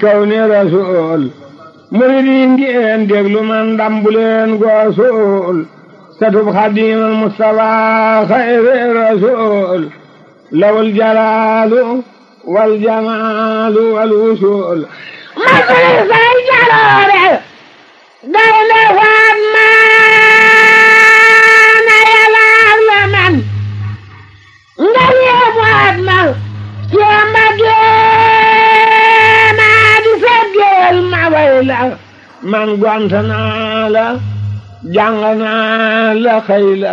kaw ni rasuul murid yi ngeen déglu man dambuleen goosuul satub xadiimal mustafaa xayri rasuul lawul jalaalu wal jamaalu wal wusuul ma suri say jaloore gaynde faat maana yalaag la man nga yee faat mal way la man gwanta naa la jàng naa la xëy la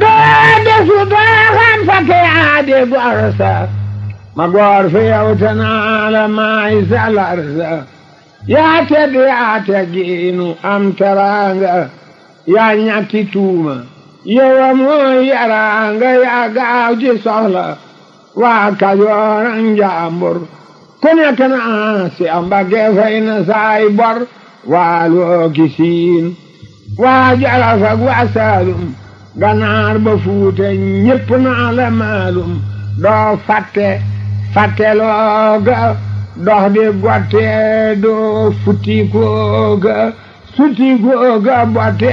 doo desu dooxam aade bu arsa ma goor fi yow te naa la maay salarsa yaa tedd yaa teggiinu am teraanga yaa ñàkki tuuma yow mooy yaraanga yaa gaaw ji soxla waa kajoor ak njaambur ku nekk na ah, si am na saay bor waaloo ki siin waa Jolof ak waa Saalum ganaar ba fuute ñépp na la maalum doo fàtte fàtteloo ga dox di gotte doo futti koo ga sutti koo doo botte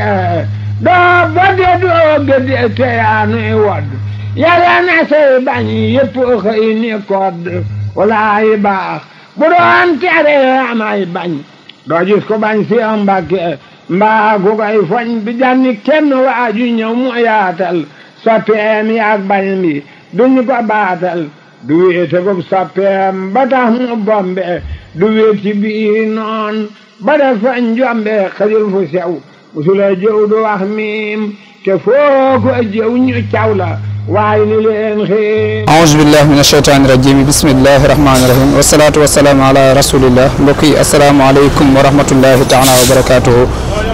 doo gëdde te yaa nuy wodd yàlla na say bañ yépp xëy ni kodd walaay baax bu doon tere amay bañ doo gis ko bañ si am mbàkke mbaa gu koy foñ du jànni kenn waaju ñëw mu yaatal soppeem yaag bañ bi duñu ko baatal du wéete ko soppeem ba tax mu bombe du wéet ci bii noon ba def fa njombe xajul fu sew musula jëw du wax miim te foo ko jëw ñu caw aouzu billahi min asheytaani rajim bismillahi rahmaani rahim wasalaatu wasalaamu ala rasulillah mbokk yi asalaamaaleykum wa rahmatullahi taala wa barakatuhu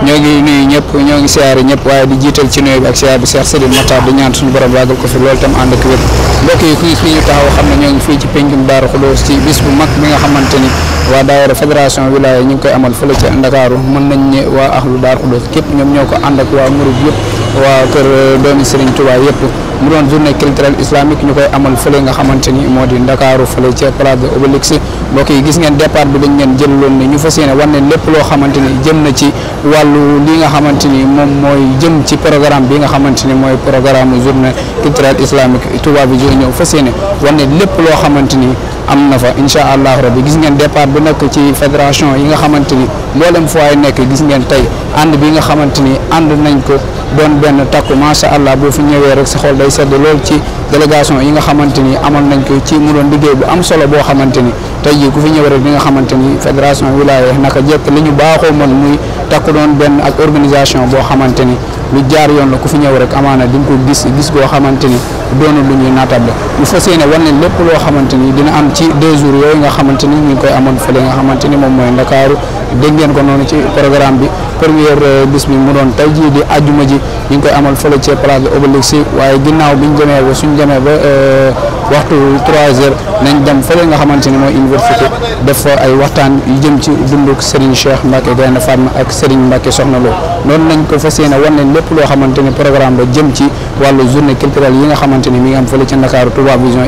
ñoo ngi nuyu ñëpp ñoo ngi siyaari ñëpp waaye di jiital ci nuyu bi ak siyaar bi Cheikh Seydil Matar di ñaan suñu borom yàggal ko fi loolu tam ànd ak wér mbokk yi kuy fii ñu taxaw xam ne ñoo ngi fii ci péncum Daaru Xudoos ci bis bu mag bi nga xamante ni waa daayira fédération wilaya ñu ngi koy amal fële ci Ndakaaru mën nañ ne waa ahlu Daaru Xudoos képp ñoom ñoo ko ànd ak waa murub yëpp waa kër euh, doomi Serigne Touba yëpp mu doon journée culturelle islamique ñu koy amal fële nga xamante ni moo di ndakaaru fële ca place de Obélix mbokk yi gis ngeen départ bi dañ ngeen jëlaloon ni ñu fas yéene wan ne lépp loo xamante ni jëm na ci wàllu li nga xamante ni moom mooy jëm ci programme bi nga xamante ni mooy programme journée culturelle islamique Touba Vision ñëw fas yéene wan ne lépp loo xamante ni am na fa incha allah rabbi gis ngeen départ bu nekk ci fédération yi nga xamante ni mboolem fu waay nekk gis ngeen tey ànd bi nga xamante ni ànd nañ ko. doon benn takku macha allah boo fi ñëwee rek sa xol day sedd lool ci délégation yi nga xamante ni amoon nañ ko ci mu doon liggéey bu am solo boo xamante ni tey jii ku fi ñëw rek di nga xamante ni fédération wilaya naka jekk li ñu baaxoo mën muy takku benn ak organisation boo xamante ni lu jaar yoon la ku fi ñëw rek amaana di nga ko gis gis goo xamante ni doonu lu ñuy naatable ñu fas yéene war nañ lépp loo xamante ni dina am ci deux jours yooyu nga xamante ni ñu ngi koy amoon fële nga xamante ni moom mooy Ndakaaru dégg ngeen ko noonu ci programme bi première euh, bis bi mu doon tey jii di àjjuma ji ñu ngi koy amal fële ci place de si waaye ginnaaw bi ñu demee ba suñ demee ba euh, waxtu 3 heures nañ dem fële nga xamante ni mooy université def ay waxtaan yu jëm ci dunduk Serigne Cheikh Mbacke Gaïndé Fatma ak Serigne Mbacke Soxna Lo noonu nañ ko fas yéene wan leen lépp loo xamante ni programme ba jëm ci wàllu journée culturelle yi nga xamante ni mi ngi am fële ci Ndakaaru Touba Vision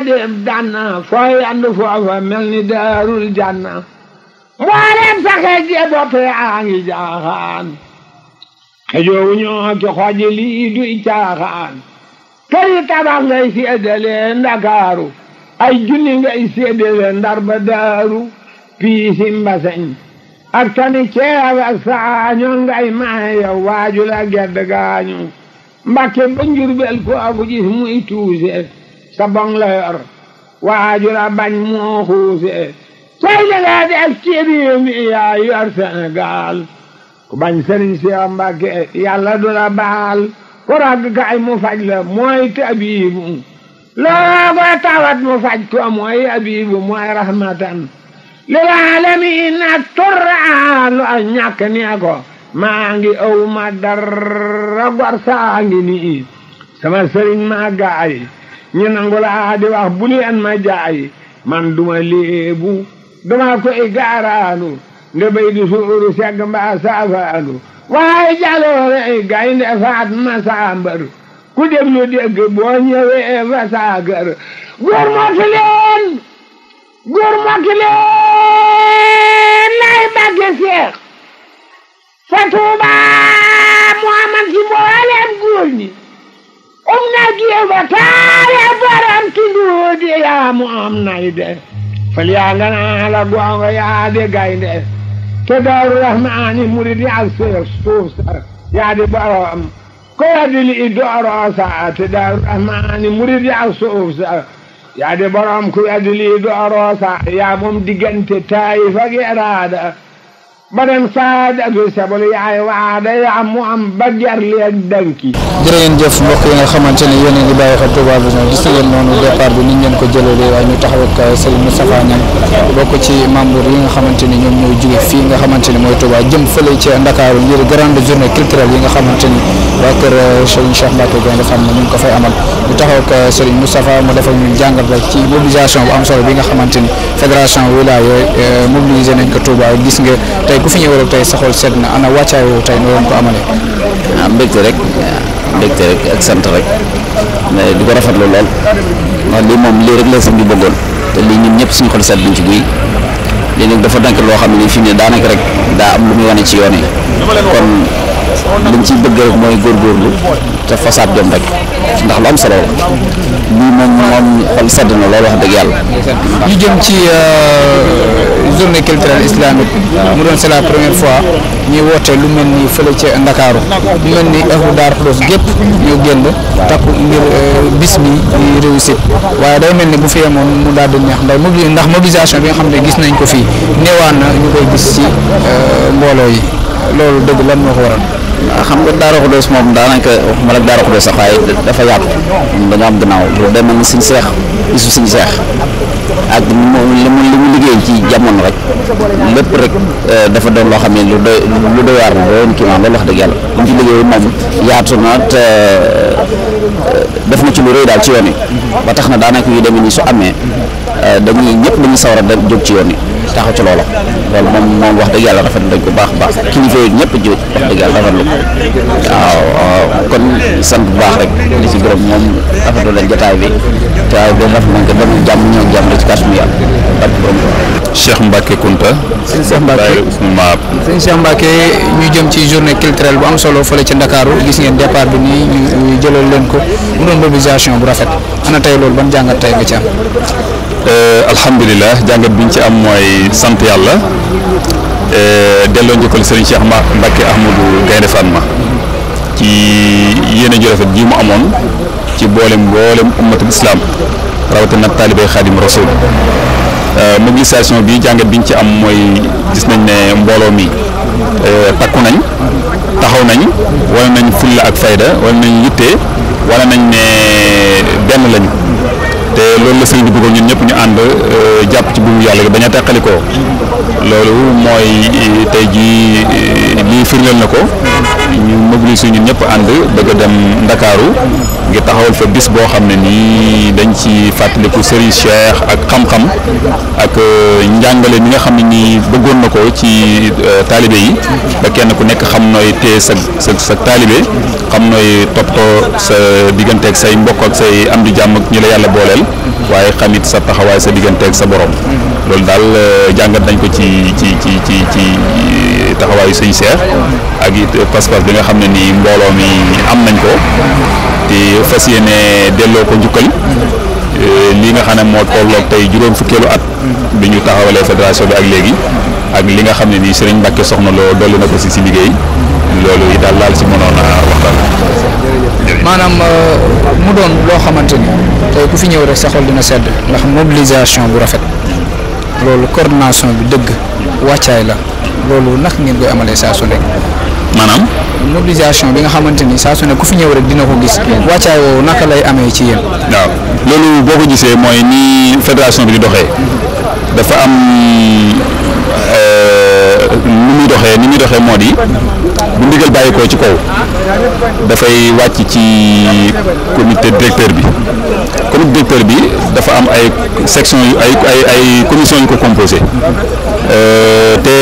def danna foo yandu foofa mel daarul janna mboolem saxe je bopp yaa ngi jaaxaan xejoowu ñoo ki xoji lii duy caaxaan këri tabax ngay seedale ndakaaru ay junni ngay seedale ndar ba daaru piisi mbaseñ ak tani ceeb ak saaño ngay maye yow waaju la gedd gaañu mbakke ba njurbel ko aku gis muy tuuse sa bong la yor waajur a bañ moo xuuse tey jagaate ak ceebiyu mi yaa yor Sénégal ku bañ sëriñ si Mbàkke yàlla du la baal ku ragg mu faj la mooy tabiibu loo ko tawat mu faj ko mooy abiibu mooy rahmatan lil aalamiin ak a ñàkk ni ko maa ngi ëw ma dara gor nii sama sëriñ maa ñi nangu laa di wax bu leen ma jaay man duma léebu duma koy gaaraanu nde bay di suuru segg mbaa saafaanu waaye jaloore gaynde faat ma saambar ku déglu dégg boo ñëwee fa saagar góor moti leen góor moti leen nay bàgge seex fa tuuba Muhammad si mbooleem góor ñi umnagiego taare baram tuduudi yaamu am nayde fal yaanganaala goongo yaade gaynde te dawru rahmaani muridi ak seer suuf sar yaade baroom ko wadili i dooroosa te dawru rahmaani muridi i dooroosa badan saad ak yu sebal yaay waa day am mu am ba jar danki jërë ngeen jëf mbokk yi nga xamante ne yéen a ngi bàyyi xel Touba Vision gis ngeen noonu départ bi ni ngeen ko jëlalee waaye ñu ci membre yi nga xamante ni ñoom ñooy jóge fii nga xamante ni mooy Touba jëm fële ci Ndakaaru ngir grande journée culturelle yi nga xamante ni waa kër euh, Serigne Cheikh Mbacke Gaïndé Fatma ñu ngi ko fay amal ñu taxaw ak euh, Serigne Moustapha mu defal ñu jàngat rek ci mobilisation bu am solo bi nga xamante ni fédération wilaya euh, mobilisé nañ ko Touba gis nga tey ku fi war rek tey sa xol sedd na ana wàccaay woowu tey nga ko amalee. ah mbégte rek mbégte rek ak sant rek mais du ko rafetlu lool waaw lii moom lii rek la sëñ bi bëggoon te lii ñun ñëpp suñu xol sedd nañ ci guy lii nag dafa dank loo xam ne fii ne daanaka rek daa am lu muy wane ci yoon yi kon. li ñu ciy mooy góor mooy góorgóorlu te fasaat jom rek ndax lu am solo la lii moom moom xol wax dëgg yàlla. ñu jëm ci euh, journée culturelle islamique mu doon c'est la première fois ñuy woote lu mel ni fële ca Ndakaaru lu mel ni ahlu Daaru Xudoos gépp ñu génn takku ngir euh, bis bi di réussir waaye day mel ni bu fi yemoon mu daal di neex ndax ndax mobilisation bi nga xam ne gis nañ ko fii néewaan na ñu koy gis ci euh, mbooloo yi loolu dëgg lan moo ko waral. xam nga Darou Khoudoss moom daanaka waxuma la Darou Khoudoss a waaye dafa yaatu dañoo am gannaaw lu demee ni suñu seex bisu suñu seex ak li mu li mu liggéey ci jamono rek lépp rek euh, dafa doon loo xam ne lu doy lu doy waar la doyoon kii loolu wax dëgg yàlla li ci liggéey moom yaatu na te euh, def na ci lu rëy daal ci yoon yi ba tax na daanaka yu demee nii su amee. Euh, dañuy ñëpp dañuy sawar a jóg ci yoon yi taxaw ci la loolu moom wax dëgg yàlla rafetlu nañ ko baax baax kilifa yi ñëpp jóg wax dëgg yàlla rafetlu ko waaw waaw kon sant bu baax rek li ci gërëm moom rafetlu nañ jotaay bi te waaye ba rafetlu nañ ko ba mu jàmm ñëw jàmm yàlla barke borom Cheikh Mbacke sëñ Cheikh Mbacke Baye sëñ Cheikh Mbacke ñu jëm ci journée culturel bu am solo fële ci Ndakaaru gis ngeen départ bi nii ñu jëlal leen ko mu doon mobilisation bu rafet ana tey loolu ban jàngat tey nga ci am. Euh, alhamdulillah jàngat bi ñu ci am mooy sant yàlla euh, delloo njëkkal Serigne Cheikh Mbacke Ahmadou Gaynde Fatma ci yéene ju rafet mu amoon ci boolem boolem ummatul islam rawatina taalibay xaadim rasul euh, mobilisation bi jàngat bi ñu ci am mooy gis nañ ne mbooloo mi takku nañ taxaw nañ wala nañ fulla ak fayda wala nañ yitte wala nañ ne benn lañ te loolu la sëriñ bi bëggoon ñun ñëpp ñu ànd euh, jàpp ci buumu yàlla gi bañ a teqalikoo loolu mooy euh, tey jii euh, lii firndeel na ko ñu mobiliser ñun ñëpp ànd bëgg dem Ndakaaru ngir taxawal fa bis boo xam ne nii dañ ci fàttaliku Serigne Cheikh ak xam-xam ak euh, njàngale ni nga xam ne nii bëggoon na ko ci euh, taalibe yi ba kenn ku nekk xam nooy téye sa sa sa taalibe xam nooy toppatoo sa diggante ak say mbokk ak say am di jàmm ak ñi la yàlla booleel waaye xamit sa taxawaay sa diggante ak sa borom loolu daal euh, jàngat nañ ko ci ci ci ci. taxawaayu sëñ Seex ak it pas-pas bi nga xam ne nii mbooloo mi am nañ ko te fas yéene delloo ko njukkal eh, lii nga xam ne moo tolloog tey juróom fukkeelu at bi ñu taxawalee fédération bi ak léegi ak li nga xam ne nii Serigne Mbacke soxna loo dolli na ko si si liggéey loolu yi daal laal si mënoon a waxtaan. maanaam euh, mu doon loo xamante ni tey ku fi ñëw rek sa xol dina sedd ndax mobilisation bu rafet loolu coordination bi dëgg wàccaay la. loolu naka ngeen koy amalee saa su nekk. maanaam. mobilisation bi nga xamante ni saa su ne ku fi ñëw rek dina ko gis. wàccaay woowu naka lay amee ci yéen. waaw loolu boo ko gisee mooy nii fédération bi di doxee. dafa am euh, nu muy doxee ni muy doxee moo di. bu ndigal bàyyikoo ci kaw dafay wàcc ci comité directeur bi comité directeur bi dafa am ay section yu ay ay ay commission yu ko composé euh, te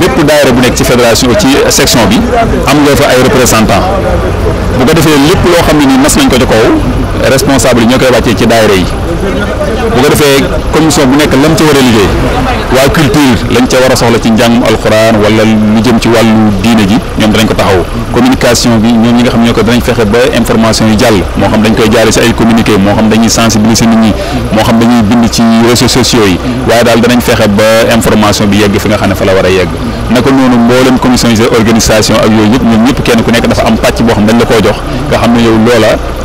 bépp daayira bu nekk ci fédération ci section bi am nga fa ay représentant bu ko defee lépp loo xam ne nii mas nañ ko ci kaw responsable yi ñoo koy wàccee ci daayira yi bu ko defee commission bu nekk lam ci war a liggéey waa culture lañ ca war a soxla ci njàngum alxuraan wala lu jëm ci wàllu diine ji ñoom danañ ko taxaw communication bi ñoom ñi nga xam ñoo ko danañ fexe ba information yi jàll moo xam dañ koy jaare si ay communiqué moo xam dañuy sensibiliser nit ñi moo xam dañuy bind ci réseaux sociaux yi waaye daal danañ fexe ba information bi yegg fi nga xam ne fa la war a yegg naka noonu mboolem commission organisation ak yooyu yëpp ñoom ñëpp kenn ku nekk dafa am pàcc boo xam dañ la jox nga xam ne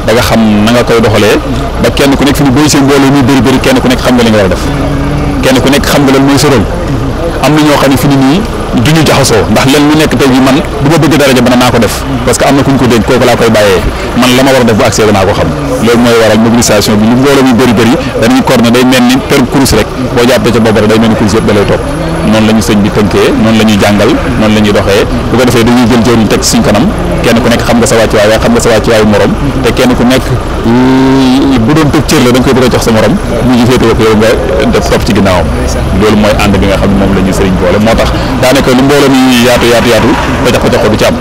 da nga xam na nga ku nekk fi ñu bëri seen mbooloo muy bëri bëri kenn li nga war a def kenn ku nekk xam nga lan mooy sa am na ñoo xam ne fi ni nii du ñu jaxasoo ndax leen lu nekk tey jii man bu ma bëgg daraja bana naa ko def parce que am na ku ñu ko dénk kooku laa koy bàyyee man la ma war a def bu accès danaa ko xam loolu mooy waral mobilisation bi lu mbooloo muy bëri bëri danañ coordonné day mel ni per course rek boo jàppee ca noonu la ñu sëñ bi tënkee noonu lañuy jàngal noonu la ñuy doxee bu ko defee dañuy jël jëriñ teg suñ kanam kenn ku nekk xam nga sa wàccuwaay waaye xam nga sa wàccuwaayu morom te kenn ku nekk bu doon tëb cër la da koy bëgg a jox sa morom ñu ngi féetewoo ko yow nga def topp ci ginnaawam loolu mooy ànd bi nga xam ne moom la ñuy sëriñ boole moo tax daanaka lu mbooloo mi yaatu yaatu yaatu pacax pacax ko du ci am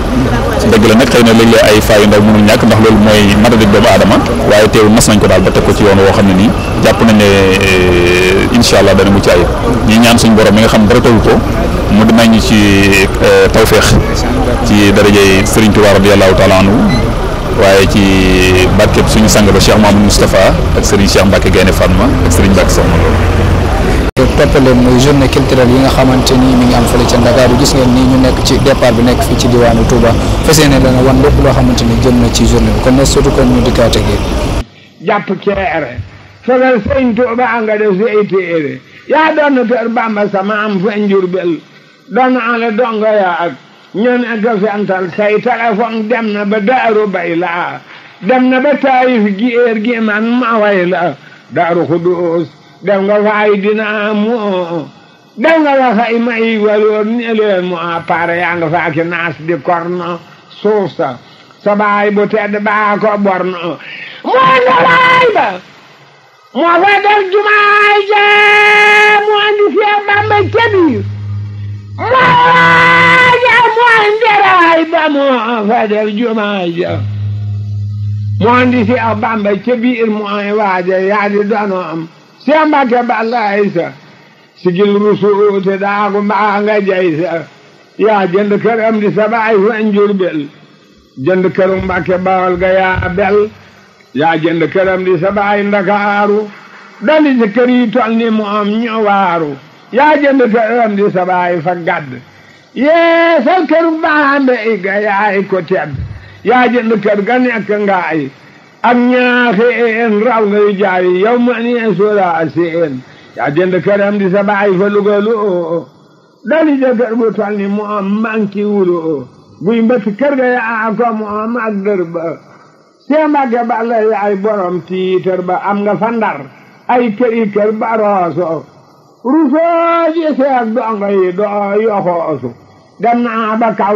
dëgg la nag xëy na léeg-léeg ay faa yu ndaw mënul ñàkk ndax loolu mooy matadi doomu aadama waaye teewul mas nañ ko daal ba teg ko ci yoon woo xam ne nii jàpp nañ ne eh, incha allah dana mucc ay ñii ñaan suñ borom mi nga xam dara tawu ko mu di may ñu ci eh, tawféex ci darajey Serigne Touba radiyallahu taala anhu waaye ci barkeb suñu sang ba Cheikh Mamadou Moustapha ak Serigne Cheikh Mbacke Gaynde Fatma ak Serigne Mbacke Soxna Lo toppaleen muy journée culturelle yi nga xamante ni mi ngi am fële ca Ndakaaru gis ngeen nii ñu nekk ci départ bi nekk fii ci diwaanu Touba fas yéene dana wan lépp loo xamante ni jëm ci journée bi kon nag surtout kon ñu dikkaate gi jàpp ceere fegal sëñ Touba nga def si ay yaa doon kër Bàmba sama am fa Njurbel doon ale dongo yaa ak ñoom ak fental say téléphone dem na ba Daaru Bay laa dem na ba Taayif gi éer gi man ma way la Daaru Xudoos def nga faay dina amu def nga la fay may waloor ni leen mu appaare yaa nga faa ki naas di korno suuf sa sa baay bu tedd baa ko borno moo nga baay ba moo fa def jumaay ja mu andi fee bamba ca biir moo ja mu andi raay ba moo fa def jumaay ja mu andi fee bamba ca biir mooy waaja yaa di donoom Seex Mbàkke bàllaay sa sigil rusuute daagu maa nga jay yaa jënd kër am di sa baay fa Njurbel jënd këru Mbàkke Bawol ga yaa bel yaa jënd kër am di sa Ndakaaru dali ci kër yi tol ni mu am ñu waaru yaa jënd kër am di sa fa gàdd yee sa këru baambe i ga yaay ko tedd yaa jënd kër ga nekk ngaay am ñaaxeen raw a seen yaa jënd këram di sa baay fa lugalu o dali ja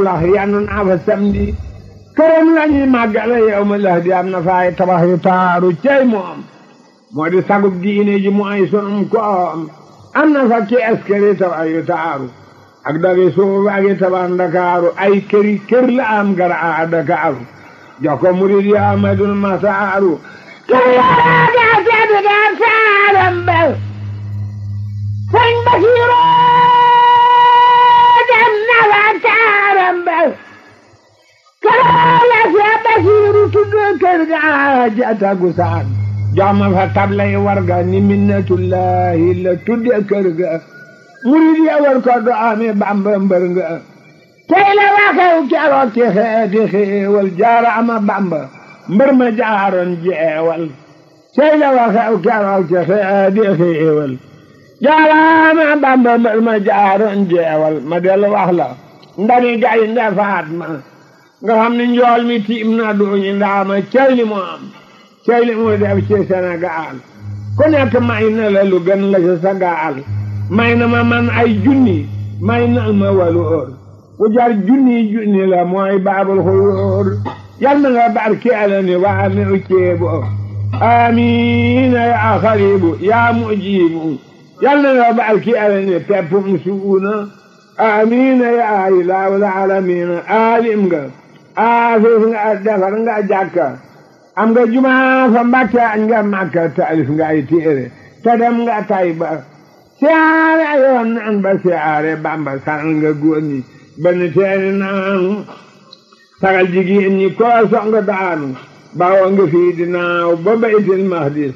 kër bu këram la ñuy màggale yow ma lax di am na faay tabax yu taaru cey moom moo di sagub diine ji mooy sunum koom am na fa kees këri tabax yu taaru ak dagi suuf ak i tabax ndakaaru ay kër la am gara dakaaru jox ko murid yi amadul masaaru kër yàlla daa teddu daa saaram bel sëñ Basiru dem na sala sa basiru tuddoon kër ga ji atagu saan joxma fa tablay warga ni minnatullahi la tudde kër ga murid ya war ko do amee bamba mbër nga tey la waxew keroog ci xeeti xéewal jaaraama bamba mbër ma jaaroon jeewal tey la waxew keroog ci xeeti xéewal jaaraama bamba mbër ma jaaroon jeewal ma dellu wax la ndani gaynde Faatma nga xam ne njool mi tiim na duuñi ndaama cay li mu am cay li mu def ci Sénégal ku nekk may na la lu gën la ci Sénégal may na ma man ay junni may na ma walu óor ku jar junni junni la mooy baabul xuluur yal na nga barkeela ni waa ne u ceebo amiina yaa xaribu yaa mujiibu yal na nga barkeela ni peppum suuna amiina yaa ilaahu alamiina aalim nga a ah, foofu nga defar nga jàkka am nga juma fa Mbàkke añ taalif nga ay téere te dem nga Tayba siyaare ayoon naan ba siyaare Bàmba sanal nga góor ñi ba ni teeni naanu sagal jigéen ñi koo nga daanu bawoo nga fii dinaaw ba baytil mahdis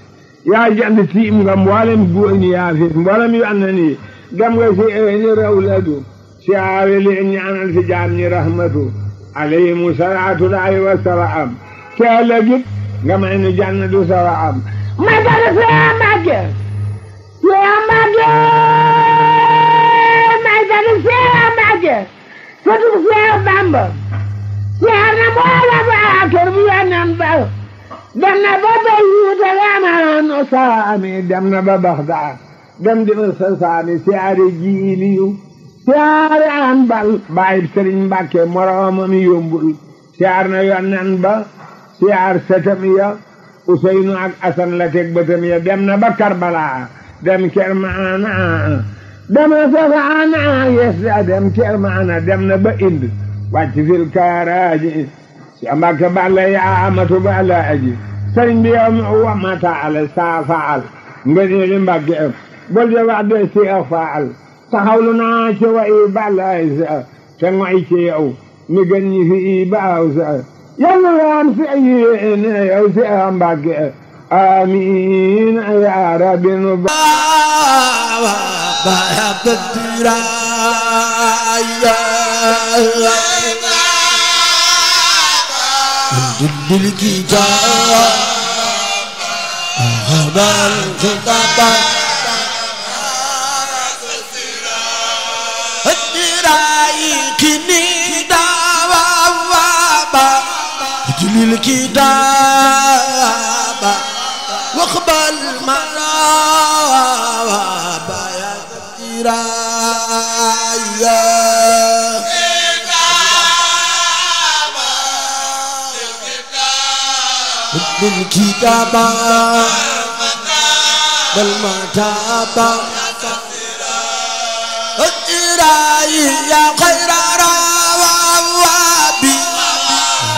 yaa jand tiim nga mboolem góor ñi yaa fi mboolem yu ànd na nii dem nga si eeni rawladu siyaare leen ñi anal fi jaam ñi rahmatu alayhimu salaatullaahi wa salaam te ëllëgit nga may nu jannatu salaam ma bari fi yaa màgge yaa màgge may bari fi yaa màgge fëtug fi yaa bàmba yaa na moo la ba kër bu yónneen ba dem na ba Bayuuta yaa ma no salaami dem na ba Baxdaad dem di ba sasaami si ari jiiliyu siyaare an bal bàyyib sëriñ mbàkke moroomam yombul siyaar na yonnan ba siyaar sëtam ya useynu ak asan la teg bëtam ya dem na ba karbala dem ker dem na safaana yes dem ker maana dem na ba ind wàcc fil kaaraaji si mbàkke balla yaa amatu balla aji sëriñ bi yow mi uwa mataale saa faal nga ne li mbàkke bol de wax de si faal taxawlu naa ci wa i balaay sa te moy mi gën ñi fi i baaw sa yàlla yaam si yéen yow si a mbàkke amiin ya rabbi nu baawa baya badiraaya dundul kitaab جل الكتاب واقبل مراب يا كرايا بالكتاب بالمتابة الإلهي يا خير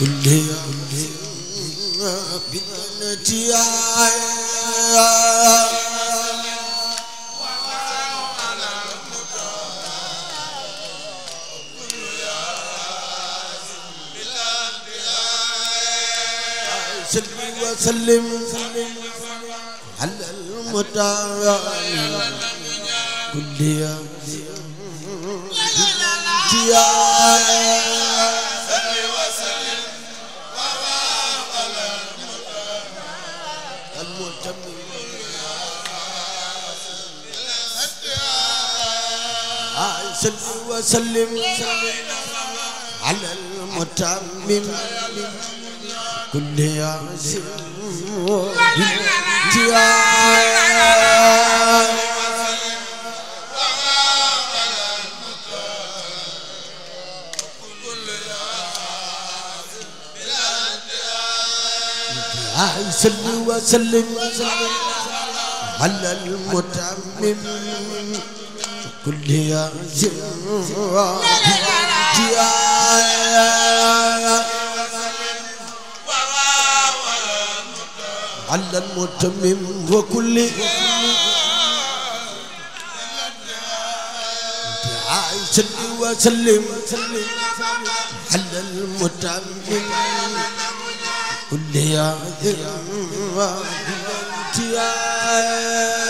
كل بنتي سلم وسلم على المتعب كل يوم صل وسلم على المتمم كل يا سيدي صل وسلم على المتمم كل يا زوا على المتمم وكل عائشة وسلم على المتمم كل يا زوا